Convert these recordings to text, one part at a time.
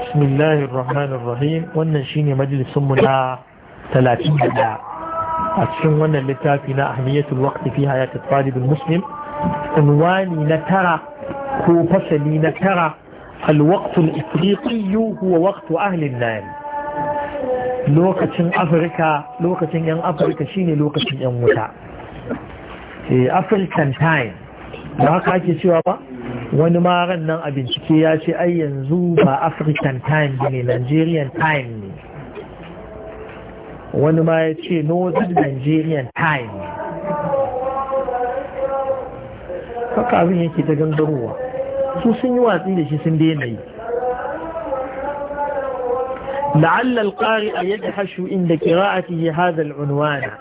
بسم الله الرحمن الرحيم wannan shine majalisun mu na 31 a cikin wannan littafi na ahmiyatul waqt fi hayat at-talib al-muslim unwani na tara ko fasali na tara al-waqt al-afriqiy huwa waqt ahli an lokacin afrika lokacin yan afrika shine lokacin yan wuta eh, african time ba haka ake cewa ba wani maran nan a bincike ya ce ai yanzu ba african time ne nigerian time ne wani ma ya ce northern nigerian time haka abin yake ta gangarowa su sun yi watsi da shi sun daina yi la'alla alƙari a yadda hashu inda kira ya haza al'unwana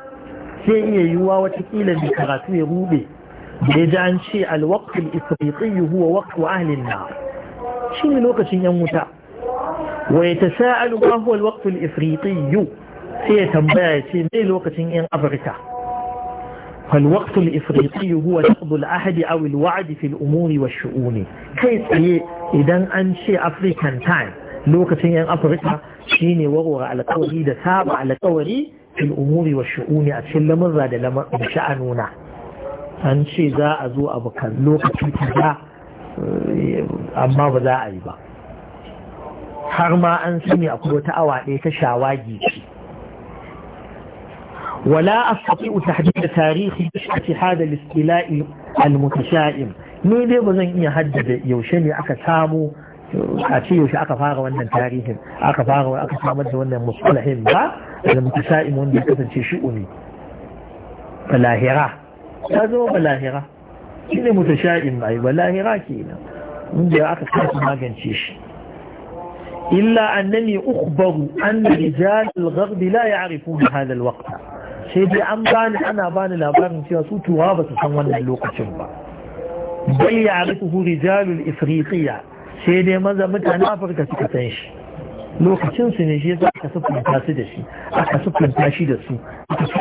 sai iya yiwuwa watakila mai karatu ya rube بيجان شيء الوقت الإفريقي هو وقت أهل النار شيء من الوقت يموتا ويتساءل ما هو الوقت الإفريقي سيتنبأ شيء من الوقت إن أفريقيا فالوقت الإفريقي هو نقض العهد أو الوعد في الأمور والشؤون كيف إذا أنشي أفريكان تايم لوكتين ين أفريقيا شيني وغوغ على قوري دا على قوري في الأمور والشؤون أتشل من راد لما شأنونا an ce za a zo abu kan lokaci kaza amma ba za a yi ba har ma an sani akwai wata awa ɗaya ta shawagi ce ولا أستطيع تحديد da بشعة هذا الاستيلاء المتشائم ni dai ba zan iya haddada yaushe ne aka samu a ce yaushe aka fara wannan tarihin aka fara aka samar da wannan musulahin ba da wanda ya kasance shiuni falahira ya zama balahira shi ne mutasha'in mai balahira ke nan inda aka kasu magance shi illa annani ukhbaru anna rijal al-ghard la ya'rifuna hadha al sai dai an bani ana bani labarin cewa su tuwa ba su san wannan lokacin ba bai ya ya'rifuhu hu rijalul ifriqiya sai dai maza mutanen Afirka suka san shi lokacin su ne shi ya aka su da shi aka shi da su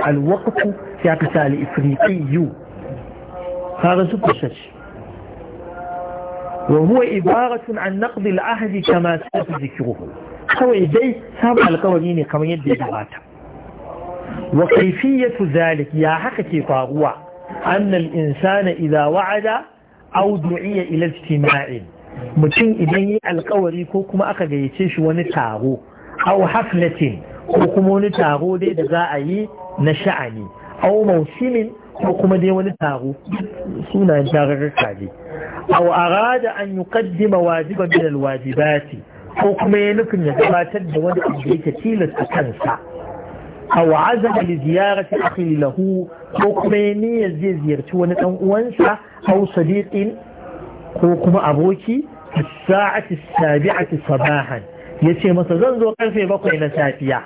الوقت في عبثال إفريقي هذا سبب وهو عبارة عن نقض العهد كما سبب ذكره هو إبارة سبب القوانين كما يدى إبارة وكيفية ذلك يا حقتي فاغوة أن الإنسان إذا وعد أو دعي إلى اجتماع متين إبارة القوانين كما أخذ يتشون التاغو أو حفلة ko kuma wani taro dai da za a yi na sha'ani aw mawsimin ko kuma dai wani taro sunan tararraka ne aw arada an yuqaddima wajiban min alwajibati ko kuma ya nufin ya gabatar da wani abu da yake tilasta kansa aw azama li ziyarati akhi lahu ko kuma ya niyya zai ziyarci wani ɗan uwansa aw sadiqin ko kuma aboki الساعة ya ce masa zan zo karfe bakwai na safiya.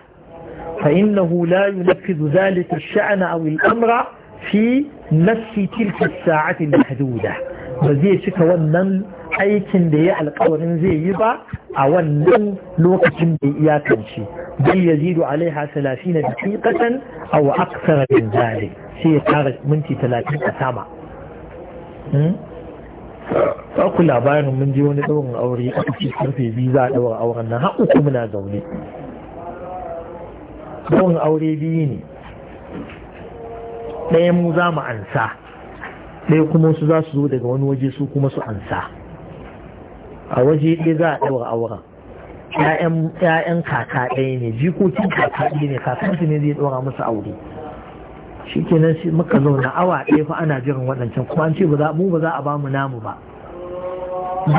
فإنه لا ينفذ ذلك الشأن أو الأمر في نفس تلك الساعة المحدودة وذي شك ونن أي كن دي يحلق أو ننزي يبا أو ننن لوك جن بإياكنشي بل يزيد عليها ثلاثين دقيقة أو أكثر من ذلك سي تارج منتي ثلاثين أسامة فأقول لا بايرن من ديون أوري أكتشي في بيزا أو أورنها أكو منا زوني yawan aure biyu ne ɗaya mu za mu ansa ɗaya kuma su za su zo daga wani waje su kuma su ansa a waje ɗaya za a ɗaura auren ‘ya'yan kaka ɗaya ne jikokin kaka ɗaya ne kakansu ne zai ɗora musu aure shi kenan shi muka zauna awa ɗaya fa ana jiran waɗancan kuma an ce mu ba za a ba mu namu ba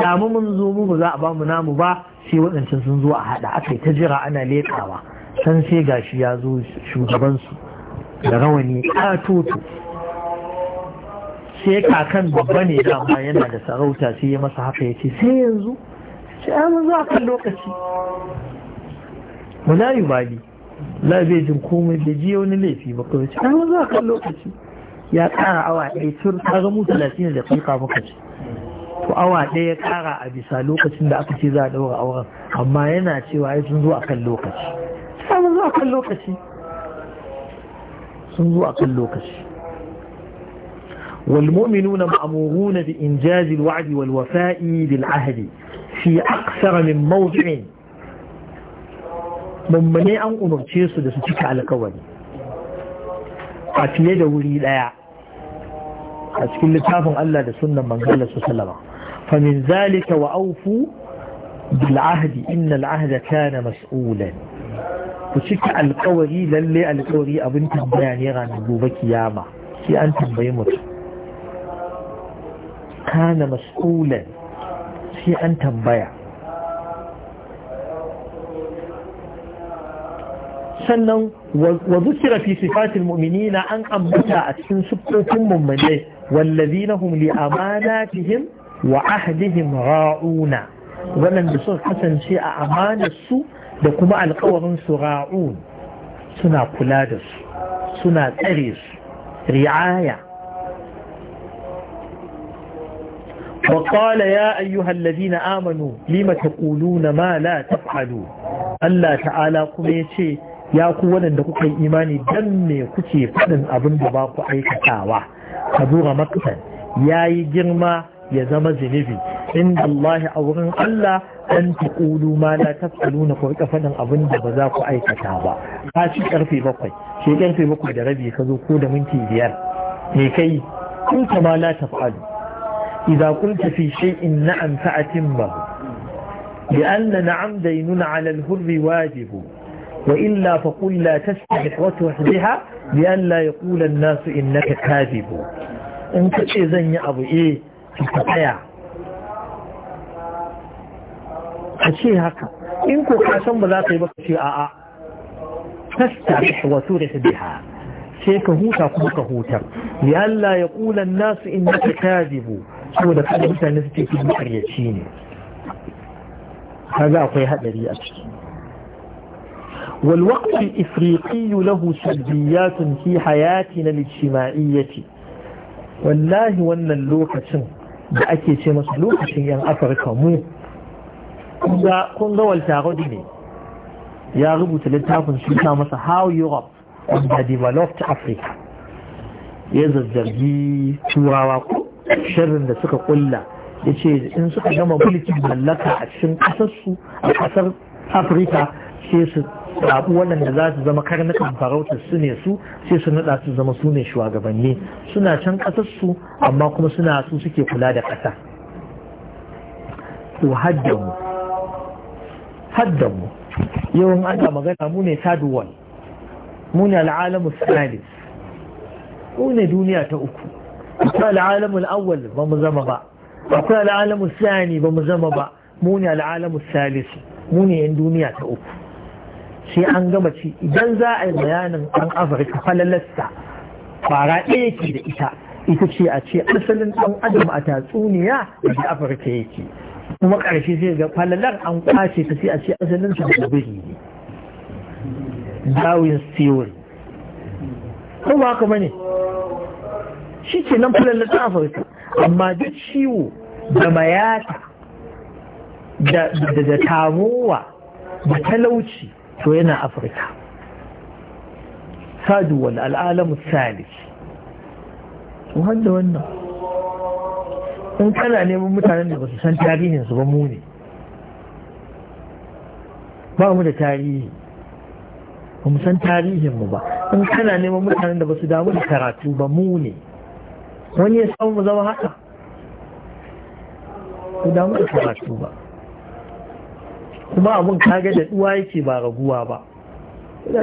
damu mun zo mu ba za a ba mu namu ba sai waɗancan sun zo a haɗa aka yi ta jira ana leƙawa San sai gashi ya zo shugabansu da rawani katoto sai kakan babba ne dama yana da sarauta sai ya masa haka ya ce sai yanzu sai an zo a kan lokaci wala yi bali labejin bai jin komai da ji wani laifi ba kuma ce an zo a kan lokaci ya kara awa ɗaya tun ta mu talatin da dakika muka ce to awa ɗaya ya kara a bisa lokacin da aka ce za a ɗaura auren amma yana cewa ya sun zo a kan lokaci a kan lokaci sun zo a kan lokaci والمؤمنون مأمورون بإنجاز الوعد والوفاء بالعهد في أكثر من موضع mummune an umarce su da su cika alkawari a fiye da wuri ɗaya, a cikin littafin Allah da sunnan manzala su salama famin zalika wa aufu bil ahdi inna al ahda kana mas'ulan ku cika alkawari lalle alkawari abin tambaya ne ranar gobe kiyama sai an tambayi mutum kana mas'ulan sai an tambaya sannan wa zukira fi sifatil mu'minina an ambata a cikin sufofin mu'minai wallazina hum li amanatihim wa ahdihim ra'una wannan da suka kasance a amanar su da kuma alkawarin su ra'un suna kula da su suna tsare su ri'aya ya ayyuhal ladina amanu lima taquluna ma la taf'alu Allah ta'ala Ta'ala yace ya ku waɗanda kuka yi imani dan me kuke faɗin abin da ba ku aikatawa kabura maktan yayi girma ya zama zinibi inda Allah a wurin Allah dan ta kulu ma la ta tsalu na kwarka faɗin da ba za ku aikata ba ka ci ƙarfe bakwai ke ƙarfe bakwai da rabi ka zo ko da minti biyar me kai kun ta ma la ta fa'alu idza kunta fi shay'in na'am fa atimma bi anna na'am daynun 'ala al-hurr wajibu wa illa fa qul la tastahiq wa tuhdiha bi an la yaqula an-nas innaka kadhibu in ka ce zan yi abu eh ki ta tsaya ka ce haka in ko ka san ba za ka yi ba ka ce a'a tastarih wa turih biha sai ka huta kuma ka huta li Allah ya kula nasu innaka kadibu saboda kada mutane su ce ya ci ne kaga akwai hadari a ciki والوقت الإفريقي له سلبيات في حياتنا الاجتماعية والله wannan lokacin da ake ce masu lokacin 'yan afirka mu kun ga waltarodi ne ya rubuta littafin ta masa how europe and the developed africa ya zazzargi turawa ko shirin da suka kulla ya ce in suka gama mulkin mallaka a cikin kasarsu a kasar afirka sai su wannan waɗanda za su zama karnukan farautar su ne su sai su nada su zama su ne shugabanni suna can ƙasarsu amma kuma suna su suke kula da ƙasa to haddamu Haddamu mu an ana magana mu ne saduwal mu ne al'alamu salis mu ne duniya ta uku akwai al'alamu al'awwal ba mu zama ba akwai al'alamu sani ba mu zama ba mu ne al'alamu salis mu ne yan duniya ta uku sai an gama ci idan za a yi bayanin an afirka falalasta fara ɗaya ke da ita ita ce a ce asalin ɗan adam a tatsuniya da afirka yake kuma ƙarshe sai ga falalar an kwace ta sai a ce asalin su da biri ne Dawin theory ko ba haka bane shi ke nan falalar ta afirka amma duk ciwo da mayata da tamowa da talauci to yana afirka sadu wal al'alamu salisi wanda wannan in kana neman mutanen da ba su san tarihinsu ba mu ne ba mu da tarihi ba mu san tarihin mu ba in kana neman mutanen da ba su damu da karatu ba mu ne wani ya samu mu zama haka ku damu da karatu ba kuma abin kage da duwa yake ba raguwa ba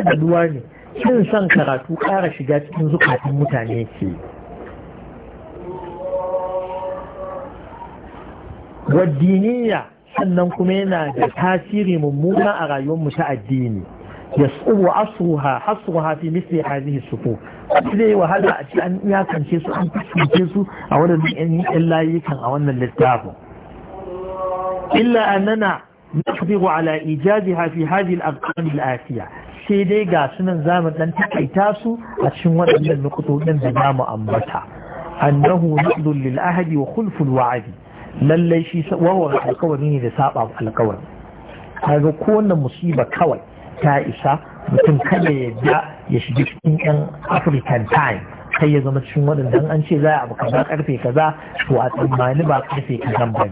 da duwa ne shin son karatu kara shiga cikin zukatun mutane ke yi waddiniya sannan kuma yana da tasiri mummuna a rayuwar mu ta addini yasu'u asruha hasruha fi misli hadhihi sufu wa wahala a ci an iyakance su an kusance su a wadannan yan layukan a wannan littafin illa annana نقدر على إيجادها في هذه الأرقام الآتية sai dai ga sunan zamu dan takaita su a cikin waɗannan nukutoɗin da namu ambata annahu naqdul lil ahadi wa khulful wa'adi lallai shi warware alkawari ne da saba alkawari kaga ko wannan musiba kawai ta isa mutum kada ya da ya shiga cikin yan african time kai ya zama cikin waɗanda an ce za a abu kaza karfe kaza to a tsammani ba karfe kaza ba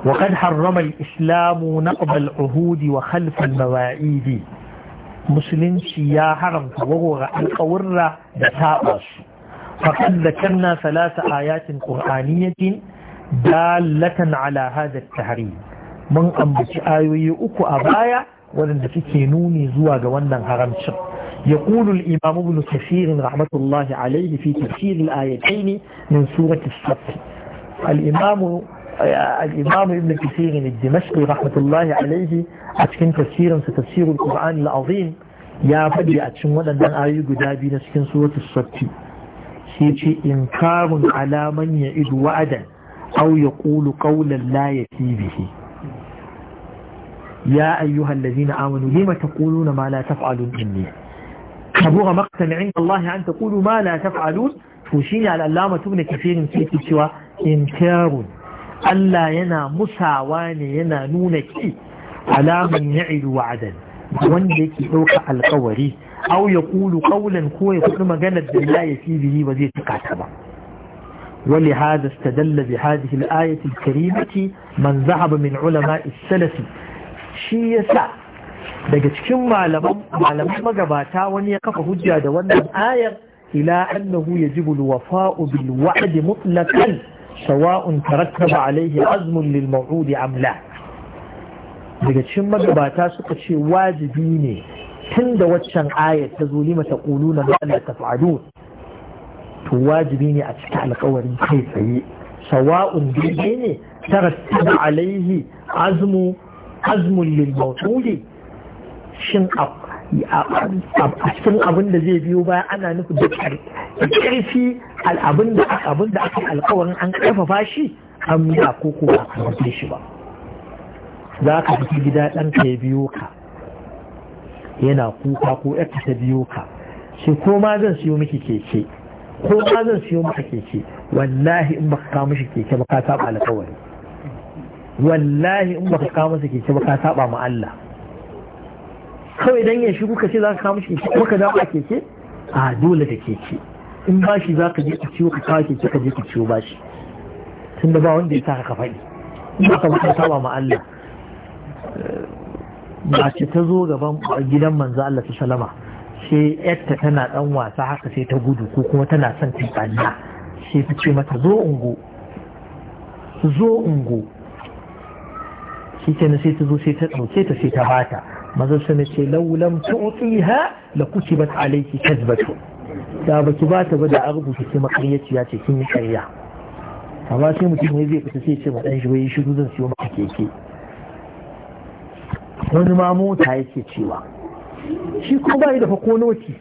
وقد حرم الإسلام نقض العهود وخلف المواعيد مسلم يا حرم وغور القورة دتابس فقد ذكرنا ثلاث آيات قرآنية دالة على هذا التحريم من أنبت آيوي أكو أبايا ولن تكينوني زواج ونن هرمشر يقول الإمام ابن كثير رحمة الله عليه في تفسير الآيتين من سورة الصف الإمام الإمام ابن كثير الدمشقي رحمة الله عليه أتكن تفسيرا ستفسير القرآن العظيم يا فدي أتشم ولن آيوي قدابي نسكن سورة الصف sai ce inkarun alaman ya idu wa'adan au ya ƙulu ƙaunar la ya bihi ya ayyuhan lazina amanu lima ta ƙulu na ma la taf'alun inni kabura maqtan inda Allah an ta ƙulu ma la taf'alun to shine al'allama tun da kafirin sai ke cewa inkarun Allah yana musawa ne yana nuna ki alaman ya idu wa'adan wanda yake ɗauka alkawari au ya kulu kaulan ko ya kudu maganar da la ya fi bihi ba zai cika ta ba ولهذا استدل بهذه الآية man zahaba min من علماء السلف shi yasa daga cikin malaman magabata wani ya kafa hujja da wannan ayar ila annahu yajibu alwafa'u bil wa'd mutlaqan sawa'un tarattaba alayhi azmun lil maw'ud am la daga cikin magabata suka ce wajibi ne tun da waccan ayat ta zuli mata ta ƙulu na ma'ala ta fa'adu to wajibi ne a cikin alkawarin kai tsaye sawa'un daidai ne tarattaba alaihi azmu azmun lil shin a cikin abin da zai biyo baya ana nufi da ƙirfi al'abin da aka alkawarin an karfafa shi an ko ko ba a shi ba za ka fi gida ɗanka ya biyo ka yana kuka ko ya ta biyo ka shi ko ma zan siyo miki keke ko ma zan siyo maka keke wallahi in baka kawo mishi keke ba ka saba alƙawari wallahi in baka kawo masa keke ba ka saba ma Allah kawai dan ya shigo ka ce za ka kawo mishi keke ka zaba keke a dole da keke in bashi za ka je ka ciwo ka kawo keke ka je ka ciwo bashi tunda ba wanda ya saka ka faɗi in ka ba ka saba ma Allah mace ta zo gaban gidan manzo Allah ta salama sai yarta tana dan wasa haka sai ta gudu ko kuma tana son ta tsalla sai ta ce mata zo ungo zo ungo shi ke sai ta zo sai ta ɗauke ta sai ta bata maza su ce laulam tu'tiha la kutibat alayki kazbatu da baki ba ta ba da an rubuta ce makaryaci ya ce kin yi karya amma sai mutum ne zai fita sai ce ma dan shi wai shiru zan siyo maka keke wani ma mota yake cewa shi ko bai da noti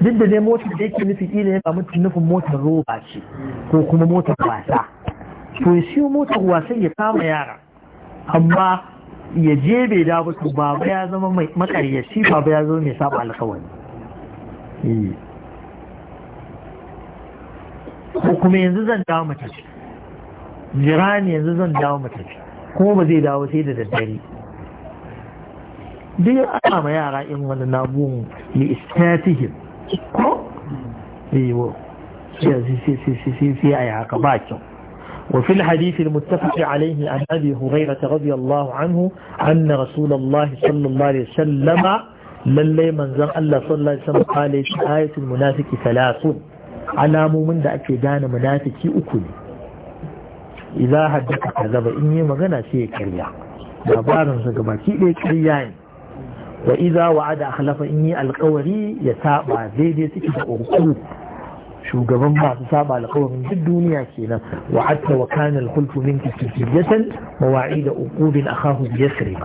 duk da ne motar da yake nufi ila yana mutum nufin motar roba ce ko kuma motar wasa to ya siyo motar wasan ya kama yara amma ya je bai da to baba ya zama mai makaryaci baba ya zama mai saba alkawari eh. ko kuma yanzu zan dawo jira ne yanzu zan dawo matafi kuma ba zai dawo sai da daddare duk ya ana ma yara in wani nabun li istatihim ko yiwo sai a yi haka ba kyau وفي الحديث المتفق عليه عن أبي هريرة رضي الله عنه أن رسول الله صلى الله عليه وسلم للي من زم الله صلى الله عليه وسلم قال آية المنافق ثلاث على مؤمن دا أكي دان منافق أكل إذا حدث كذب إني مغنى سيكريا labarinsa gabaki ɗaya ƙarya ne وإذا وعد أخلف إني القوري يتابع زيدي تكيب أغطو شو قبن بعض سابع القوة من الدنيا كينا وحتى وكان الخلف منك كثيرية مواعيد أقود أخاه بيسرب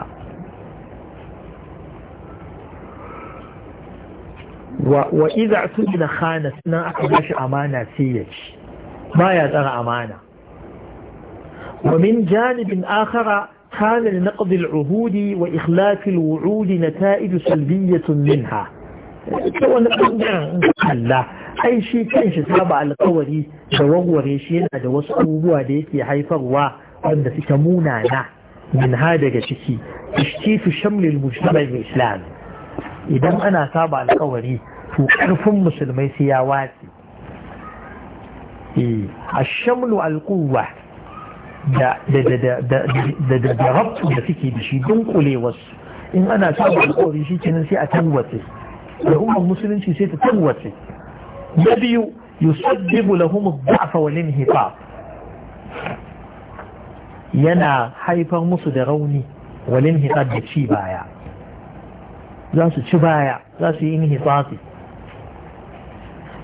وإذا اعتدنا خانة لا أقدش أمانة سيج ما يدر أمانة ومن جانب آخر كان لنقض العهود وإخلاف الوعود نتائج سلبية منها سواء نقض الله أي شيء كان شتابع القوري دوغور يشينا دوسقوبوا ديكي حيفغوا عند فتمونانا من هذا الشيء تشتيت شمل المجتمع الإسلامي إذا أنا تابع القوري فكرف مسلمي سياواتي إيه، الشمل القوة da da rabtu da suke da shi dunkule wasu in ana samun alkawari shi kenan sai a tarwatse al'ummar musulunci sai ta tarwatse na biyu yusabbibu lahum da'fa wal inhifa yana haifar musu da rauni wal inhifa da ci baya za su ci baya za su yi inhifafi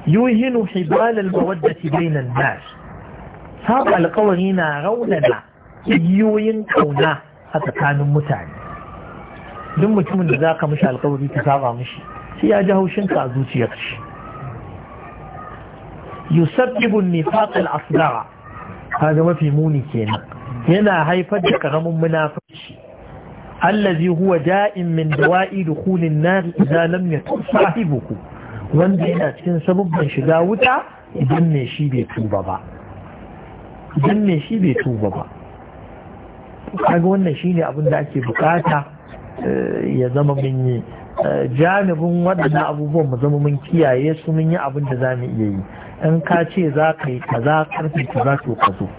yuhinu hibal al mawaddati bainan nas saba alkawari na raunana igiyoyin kauna a tsakanin mutane duk mutumin da za ka mishi alkawari ka saba mishi sai ya ji ka a zuciyar shi Yusuf yusabbibu nifaq al-asghara kaga mafi muni kenan yana haifar da karamin munafici allazi huwa da'in min dawa'i dukhulin nar idza lam yakun sahibuhu wanda yana cikin sabubban shiga wuta idan ne shi bai tuba ba don me shi bai tuba ba kaga wannan shine abin da ake bukata eh, ya zama mun yi eh, janibin waɗannan abubuwan mu zama mun kiyaye su mun yi abin da za mu iya yi in ka ce za ka yi kaza karfe ka za ka zo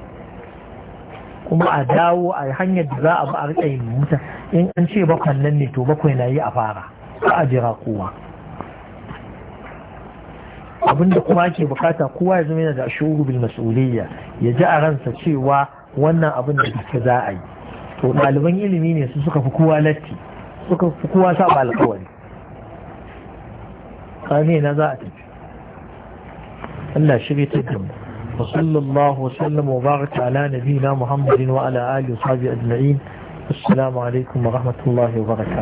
kuma a dawo a hanyar da za a ba a riƙa yin mutan in an ce bakwan nan ne to bakwai na yi a fara ka a jira kowa abinda kuma ake bukata kowa ya zama yana da shuru bil mas'uliyya ya ji a ransa cewa wannan abin da gaske za a yi to ɗaliban ilimi ne su suka fi kowa latti suka fi kowa alƙawari kane na za a tafi Allah shirye ta gamu وصلى الله وسلم وبارك على نبينا محمد وعلى آله وصحبه أجمعين السلام wa rahmatullahi wa وبركاته